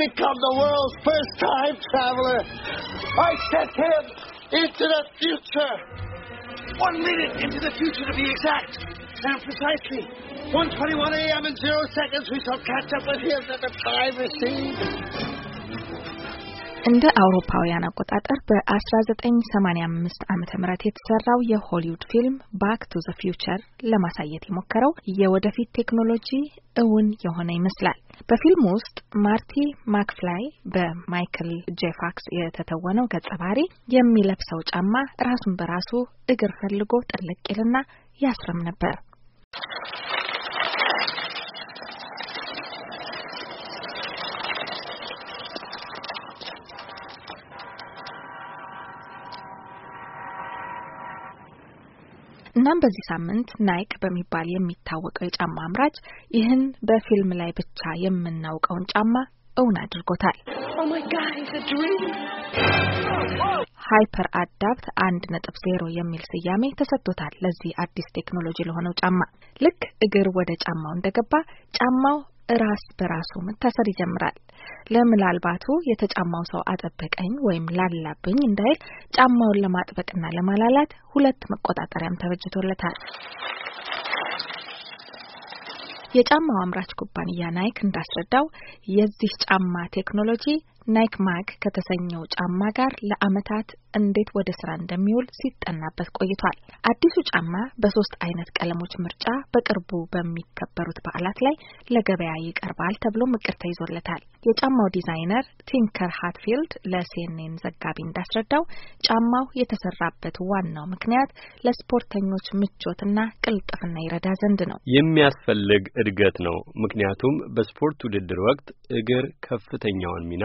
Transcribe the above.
become the world's first time traveler. I sent him into the future. One minute into the future to be exact. And precisely 1.21 a.m. and zero seconds, we shall catch up with him at the time received. እንደ አውሮፓውያን አቆጣጠር በ1985 ዓ ም የተሰራው የሆሊውድ ፊልም ባክ ቱ ዘ ፊውቸር ለማሳየት የሞከረው የወደፊት ቴክኖሎጂ እውን የሆነ ይመስላል። በፊልሙ ውስጥ ማርቲ ማክፍላይ በማይክል ጄፋክስ የተተወነው ገጸ ባህሪ የሚለብሰው ጫማ ራሱን በራሱ እግር ፈልጎ ጥልቅ ይልና ያስርም ነበር። እናም በዚህ ሳምንት ናይክ በሚባል የሚታወቀው የጫማ አምራች ይህን በፊልም ላይ ብቻ የምናውቀውን ጫማ እውን አድርጎታል። oh ሃይፐር አዳፕት አንድ ነጥብ ዜሮ የሚል ስያሜ ተሰጥቶታል ለዚህ አዲስ ቴክኖሎጂ ለሆነው ጫማ። ልክ እግር ወደ ጫማው እንደገባ ጫማው ራስ በራሱ መታሰር ይጀምራል። ለምላልባቱ የተጫማው ሰው አጠበቀኝ ወይም ላላብኝ እንዳይል ጫማውን ለማጥበቅና ለማላላት ሁለት መቆጣጠሪያም ተበጅቶለታል። የጫማው አምራች ኩባንያ ናይክ እንዳስረዳው የዚህ ጫማ ቴክኖሎጂ ናይክ ማክ ከተሰኘው ጫማ ጋር ለዓመታት እንዴት ወደ ስራ እንደሚውል ሲጠናበት ቆይቷል። አዲሱ ጫማ በሶስት አይነት ቀለሞች ምርጫ በቅርቡ በሚከበሩት በዓላት ላይ ለገበያ ይቀርባል ተብሎም እቅድ ተይዞለታል። የጫማው ዲዛይነር ቲንከር ሃትፊልድ ለሲኤንኤን ዘጋቢ እንዳስረዳው ጫማው የተሰራበት ዋናው ምክንያት ለስፖርተኞች ምቾትና ቅልጥፍና ይረዳ ዘንድ ነው። የሚያስፈልግ እድገት ነው። ምክንያቱም በስፖርት ውድድር ወቅት እግር ከፍተኛውን ሚና